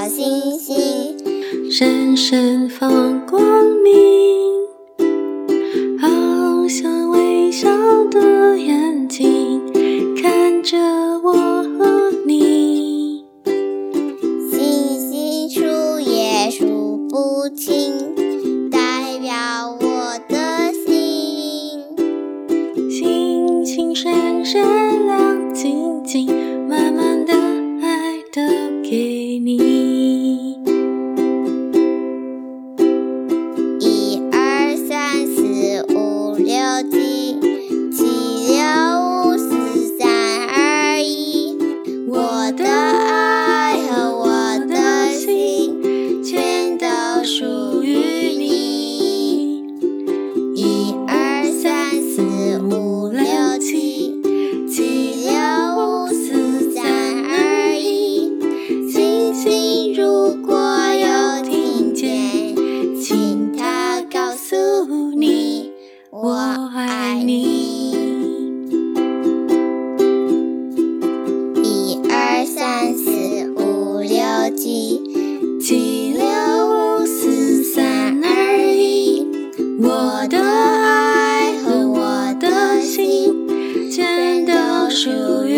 小星星，閃閃放光明，好像微笑的眼睛，看着我和你。星星數也數不清，代表我的心，星星閃閃亮。你。一二三四五六七，七六五四三二一，我的愛和我的心全都屬於